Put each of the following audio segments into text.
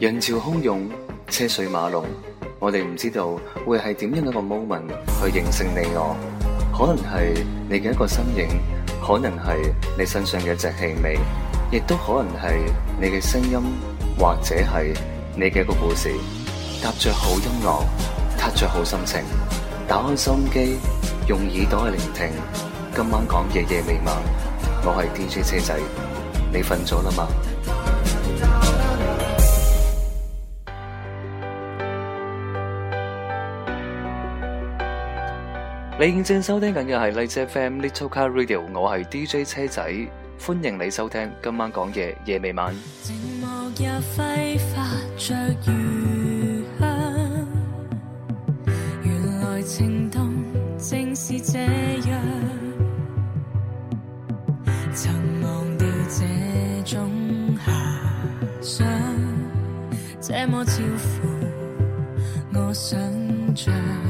人潮洶湧，車水馬龍，我哋唔知道會係點樣一個 moment 去形成你我，可能係你嘅一個身影，可能係你身上嘅一隻氣味，亦都可能係你嘅聲音，或者係你嘅一個故事。踏着好音樂，踏着好心情，打開收音機，用耳朵去聆聽。今晚講《夜夜未晚》，我係 DJ 車仔，你瞓咗啦嘛？你現正收聽緊嘅係荔枝 FM Little Car Radio，我係 DJ 車仔，歡迎你收聽今晚講嘢。夜未晚。寂寞日揮發着餘香，原來情動正是這樣，曾忘掉這種遐想，這麼超乎我想像。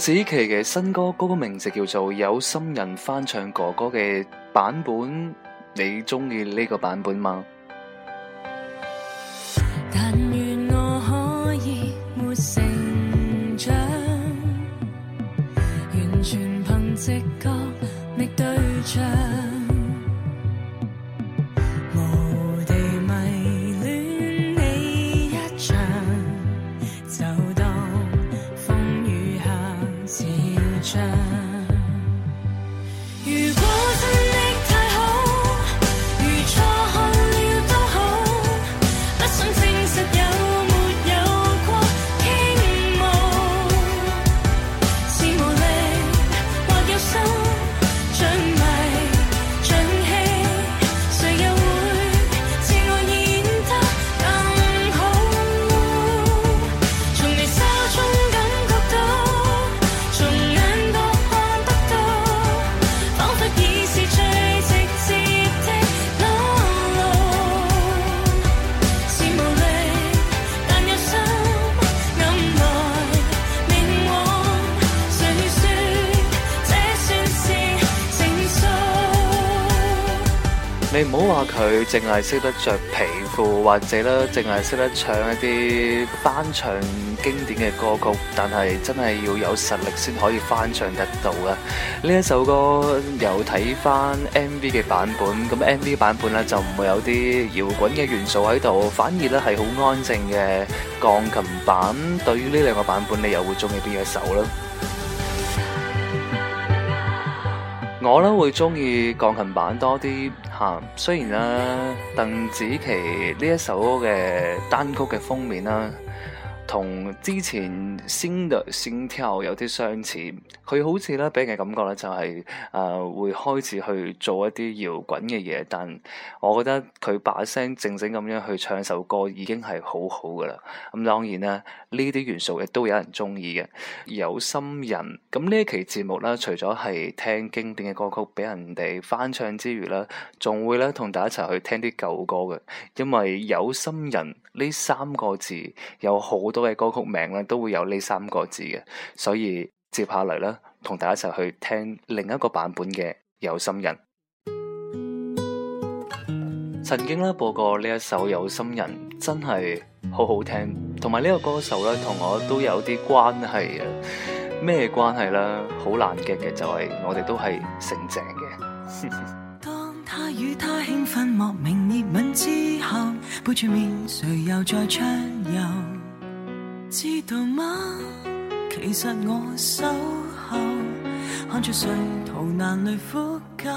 紫棋嘅新歌歌、嗰個、名就叫做《有心人》，翻唱哥哥嘅版本，你鍾意呢個版本嗎？ 佢淨係識得著皮褲或者咧，淨係識得唱一啲翻唱經典嘅歌曲，但係真係要有實力先可以翻唱得到嘅。呢一首歌又睇翻 MV 嘅版本，咁 MV 版本咧就唔會有啲搖滾嘅元素喺度，反而咧係好安靜嘅鋼琴版。對於呢兩個版本，你又會中意邊一首呢？我呢會鍾意鋼琴版多啲嚇、啊，雖然呢、啊、鄧紫棋呢一首嘅單曲嘅封面啦、啊。同之前先嘅先挑有啲相似，佢好似咧俾人嘅感覺咧就係、是、誒、呃、會開始去做一啲搖滾嘅嘢，但係我覺得佢把聲靜靜咁樣去唱一首歌已經係好好嘅啦。咁、嗯、當然啦，呢啲元素亦都有人中意嘅，有心人。咁呢一期節目咧，除咗係聽經典嘅歌曲俾人哋翻唱之餘咧，仲會咧同大家一齊去聽啲舊歌嘅，因為有心人呢三個字有好多。嘅歌曲名咧都會有呢三個字嘅，所以接下嚟咧同大家一齊去聽另一個版本嘅《有心人》。 曾經咧播過呢一首《有心人》，真係好好聽，同埋呢個歌手咧同我都有啲關係啊！咩關係咧？好難嘅，就係我哋都係姓鄭嘅。當他與他興奮莫名熱吻之後，背住面誰又再唱遊？知道嗎？其實我守候，看著誰逃難裏呼救，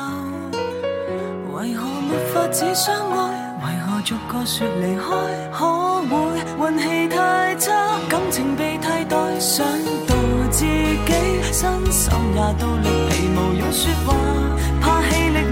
為何沒法子相愛？為何逐個説離開？可會運氣太差，感情被替代，想到自己身心也都力疲，無用説話。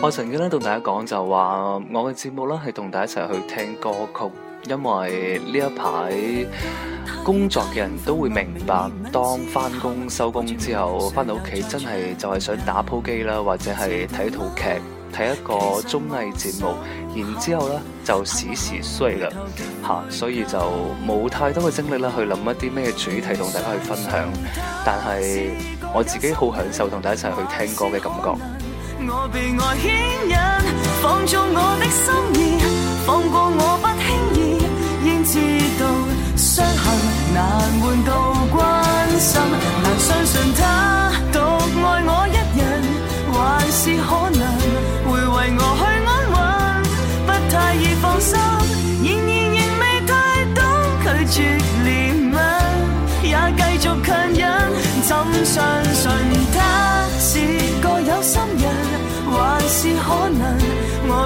我曾經咧同大家講就話，我嘅節目咧係同大家一齊去聽歌曲，因為呢一排工作嘅人都會明白當，當翻工收工之後，翻到屋企真係就係想打鋪機啦，或者係睇套劇。睇一個綜藝節目，然之後呢就時時衰啦，吓，所以就冇太多嘅精力啦，去諗一啲咩主題同大家去分享。但係我自己好享受同大家一齊去聽歌嘅感覺。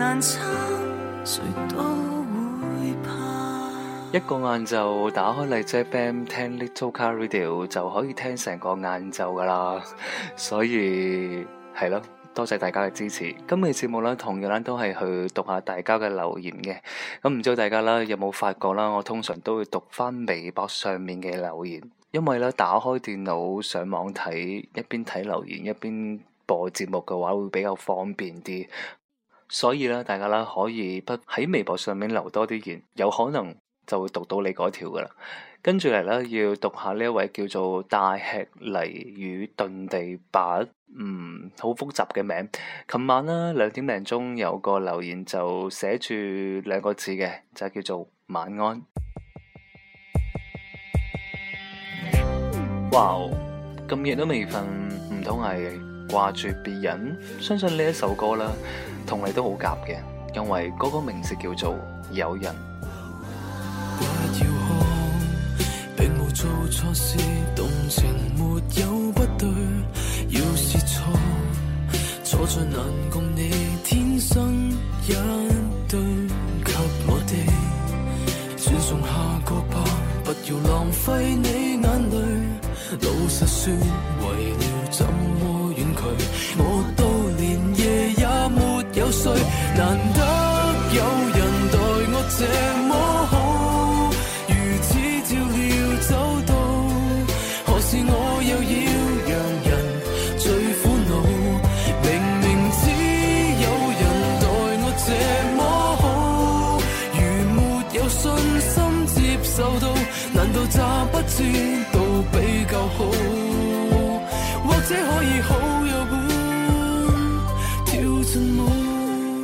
一個晏晝打開荔枝 band 聽 Little Car Radio 就可以聽成個晏晝噶啦， 所以係咯，多謝大家嘅支持。今期節目咧，同樣咧都係去讀下大家嘅留言嘅。咁唔知道大家啦有冇發覺啦？我通常都會讀翻微博上面嘅留言，因為咧打開電腦上網睇，一邊睇留言一邊播節目嘅話，會比較方便啲。所以咧，大家咧可以不喺微博上面留多啲言，有可能就會讀到你嗰條㗎喇。跟住嚟咧，要讀下呢一位叫做大吃泥魚遁地霸，嗯，好複雜嘅名。琴晚咧兩點零鐘有個留言就寫住兩個字嘅，就叫做晚安。哇哦，咁夜都未瞓，唔通係？掛住別人，相信呢一首歌啦，同你都好夾嘅，因為嗰個名字叫做有人。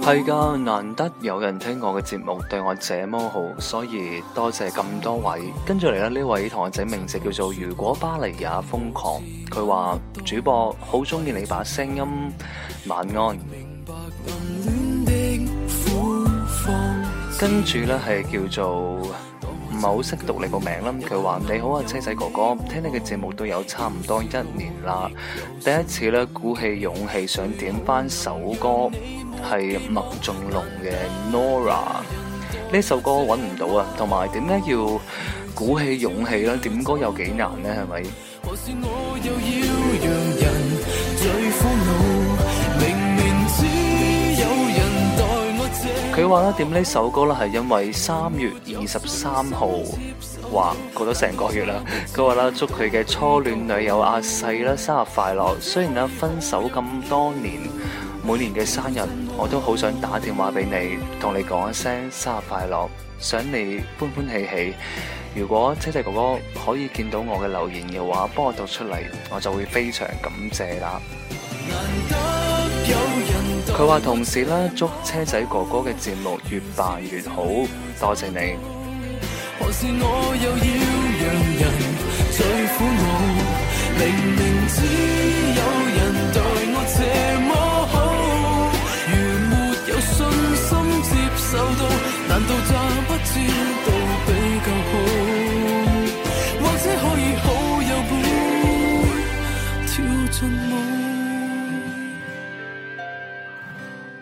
係噶，難得有人聽我嘅節目，對我這麼好，所以多謝咁多位。跟住嚟啦，呢位同學仔名字叫做如果巴黎也瘋狂，佢話主播好中意你把聲音。晚安。跟住咧係叫做。唔係好識讀你個名啦，佢話你好啊，仔仔哥哥，聽你嘅節目都有差唔多一年啦。第一次咧，鼓起勇氣想點翻首歌係麥浚龍嘅《Nora》，呢首歌揾唔到啊，同埋點解要鼓起勇氣咧？點歌有幾難咧？係咪？佢話咧點呢首歌咧，係因為三月二十三號，哇過咗成個月啦。佢話咧祝佢嘅初戀女友阿細啦生日快樂。雖然咧分手咁多年，每年嘅生日我都好想打電話俾你，同你講一聲生日快樂，想你歡歡喜喜。如果姐仔哥哥可以見到我嘅留言嘅話，幫我讀出嚟，我就會非常感謝啦。難得有有佢話：同時咧，祝車仔哥哥嘅節目越辦越好，多謝你。我我又要讓人最苦，明明知有人待我這麼好，如沒有信心接受到，難道不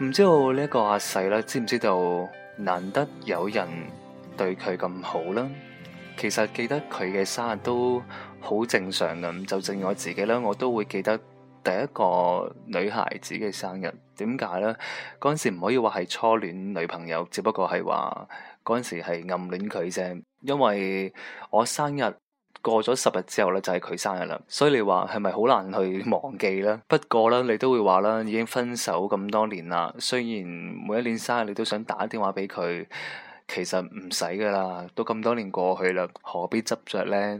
唔知道呢個阿細啦，知唔知道難得有人對佢咁好啦？其實記得佢嘅生日都好正常噶，就正如我自己啦，我都會記得第一個女孩子嘅生日。點解呢？嗰陣時唔可以話係初戀女朋友，只不過係話嗰陣時係暗戀佢啫。因為我生日。過咗十日之後咧，就係佢生日啦，所以你話係咪好難去忘記呢？不過咧，你都會話啦，已經分手咁多年啦，雖然每一年生日你都想打電話俾佢，其實唔使噶啦，都咁多年過去啦，何必執着呢？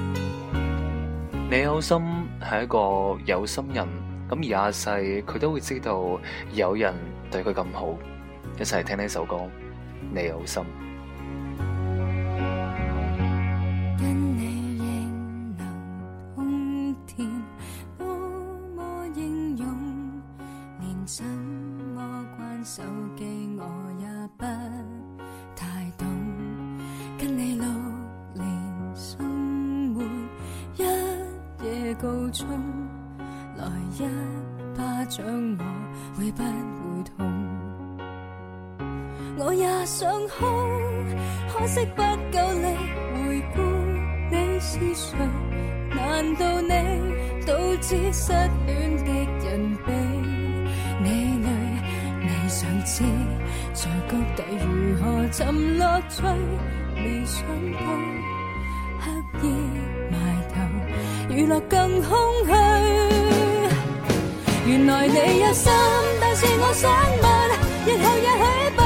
你有心係一個有心人，咁而阿細佢都會知道有人對佢咁好，一齊聽呢首歌，你有心。我也想哭，可惜不夠力。回顧你是誰？難道你都知失戀的人比你累？你想知在谷底如何沉落水？未想到刻意埋頭娛樂更空虛。原來你有心，但是我想問，日後也許。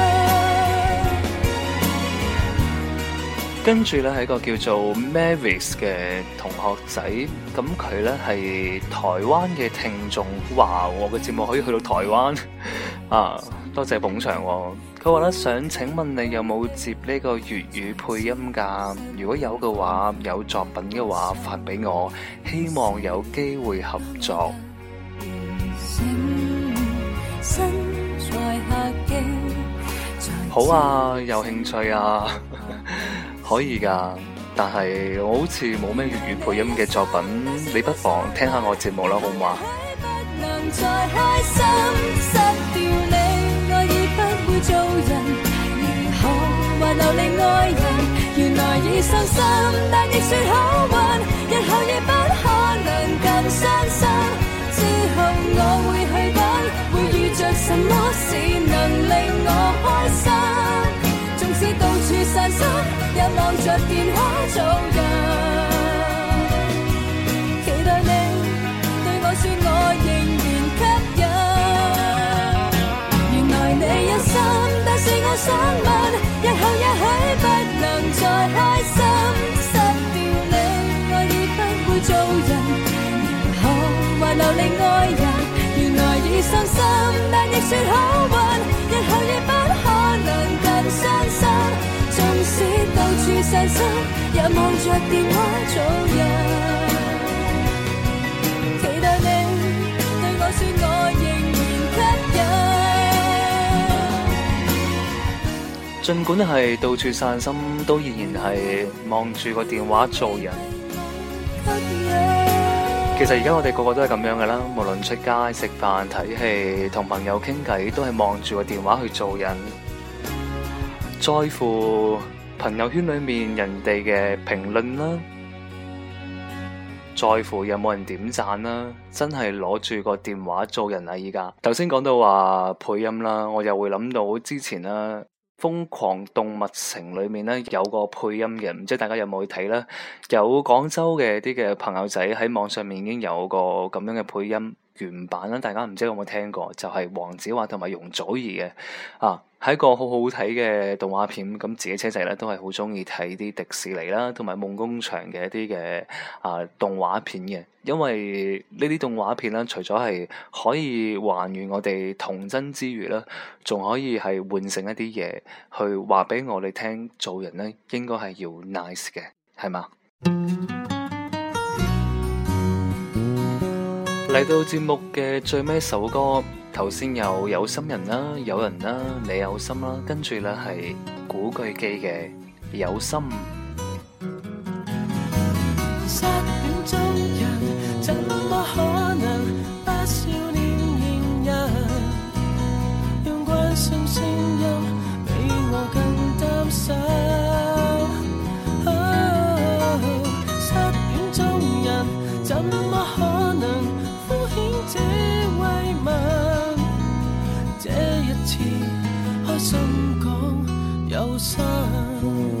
跟住咧係一個叫做 Mavis 嘅同學仔，咁佢咧係台灣嘅聽眾話我嘅節目可以去到台灣啊！多謝捧場，哦。佢話咧想請問你有冇接呢個粵語配音㗎？如果有嘅話，有作品嘅話發俾我，希望有機會合作。好啊，有興趣啊！可以噶，但係我好似冇咩粵語配音嘅作品，你不妨聽下我節目啦，好唔好？「誰不能再開心，失掉你我已不會做人。如何還留你愛人，原來已傷心，但亦算好運。日後亦不可能更傷心。之後我會去揾，會遇着什麼事能令我開心。」傷心，日望着電話做人，期待你對我説我仍然吸引。原來你有心，但是我想問，日後也許不能再開心。失掉你，我已不會做人，如何還留另愛人？原來已傷心，但亦算好運。日後亦儘管係到處散心，都依然係望住個電話做人。其實而家我哋個個都係咁樣噶啦，無論出街食飯、睇戲、同朋友傾偈，都係望住個電話去做人。在乎朋友圈裏面人哋嘅評論啦，在乎有冇人點讚啦，真係攞住個電話做人啊！依家頭先講到話配音啦，我又會諗到之前啦，《瘋狂動物城》裏面咧有個配音嘅，唔知大家有冇去睇啦。有廣州嘅啲嘅朋友仔喺網上面已經有個咁樣嘅配音。原版啦，大家唔知有冇聽過，就係黃子華同埋容祖兒嘅啊，係一個好好睇嘅動畫片。咁自己車仔咧都係好中意睇啲迪士尼啦，同埋夢工場嘅一啲嘅啊動畫片嘅，因為呢啲動畫片咧，除咗係可以還原我哋童真之餘啦，仲可以係換成一啲嘢去話俾我哋聽，做人咧應該係要 nice 嘅，係嘛？ 嚟到節目嘅最尾一首歌，頭先有有心人啦，有人啦，你有心啦，跟住呢係古巨基嘅有心。傷。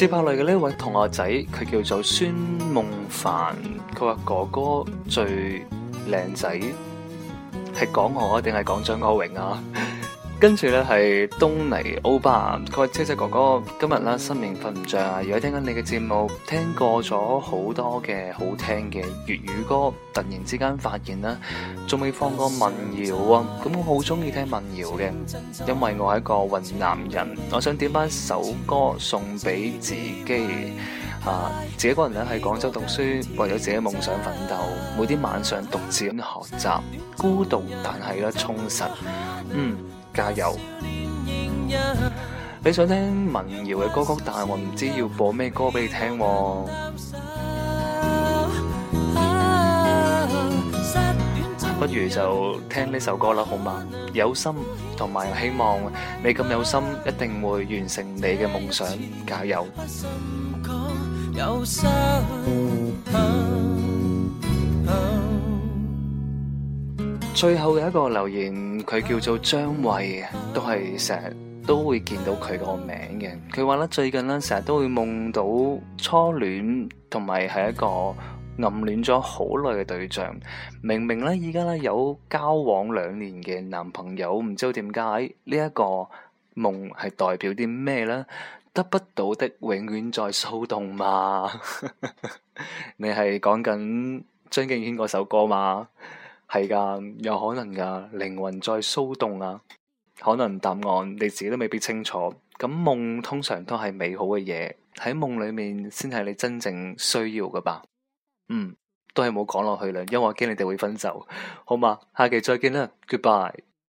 接下來嘅呢位同學仔，佢叫做孫夢凡，佢話哥哥最靚仔，係講我定係講張國榮啊？ 跟住咧係東尼歐巴，佢話車仔哥哥今日啦失眠，瞓唔着啊，而家聽緊你嘅節目，聽過咗好多嘅好聽嘅粵語歌，突然之間發現咧仲未放過民謠啊！咁我好中意聽民謠嘅，因為我係一個雲南人，我想點翻首歌送俾自己啊！自己個人咧喺廣州讀書，為咗自己嘅夢想奮鬥，每天晚上獨自咁學習，孤獨但係咧充實，嗯。加油！你想聽民謠嘅歌曲，但係我唔知要播咩歌俾你聽。不如就聽呢首歌啦，好嗎？有心同埋有希望，你咁有心，一定會完成你嘅夢想。加油！最後嘅一個留言，佢叫做張慧，都係成日都會見到佢個名嘅。佢話咧最近，咧成日都會夢到初戀同埋係一個暗戀咗好耐嘅對象，明明咧依家咧有交往兩年嘅男朋友，唔知點解呢一個夢係代表啲咩呢？「得不到的永遠在騷動」嘛。 你係講緊張敬軒嗰首歌嘛？係㗎，有可能㗎，靈魂在騷動啊，可能答案你自己都未必清楚。咁夢通常都係美好嘅嘢，喺夢裡面先係你真正需要嘅吧。嗯，都係冇講落去啦，因為我驚你哋會分手，好嘛？下期再見啦，Goodbye。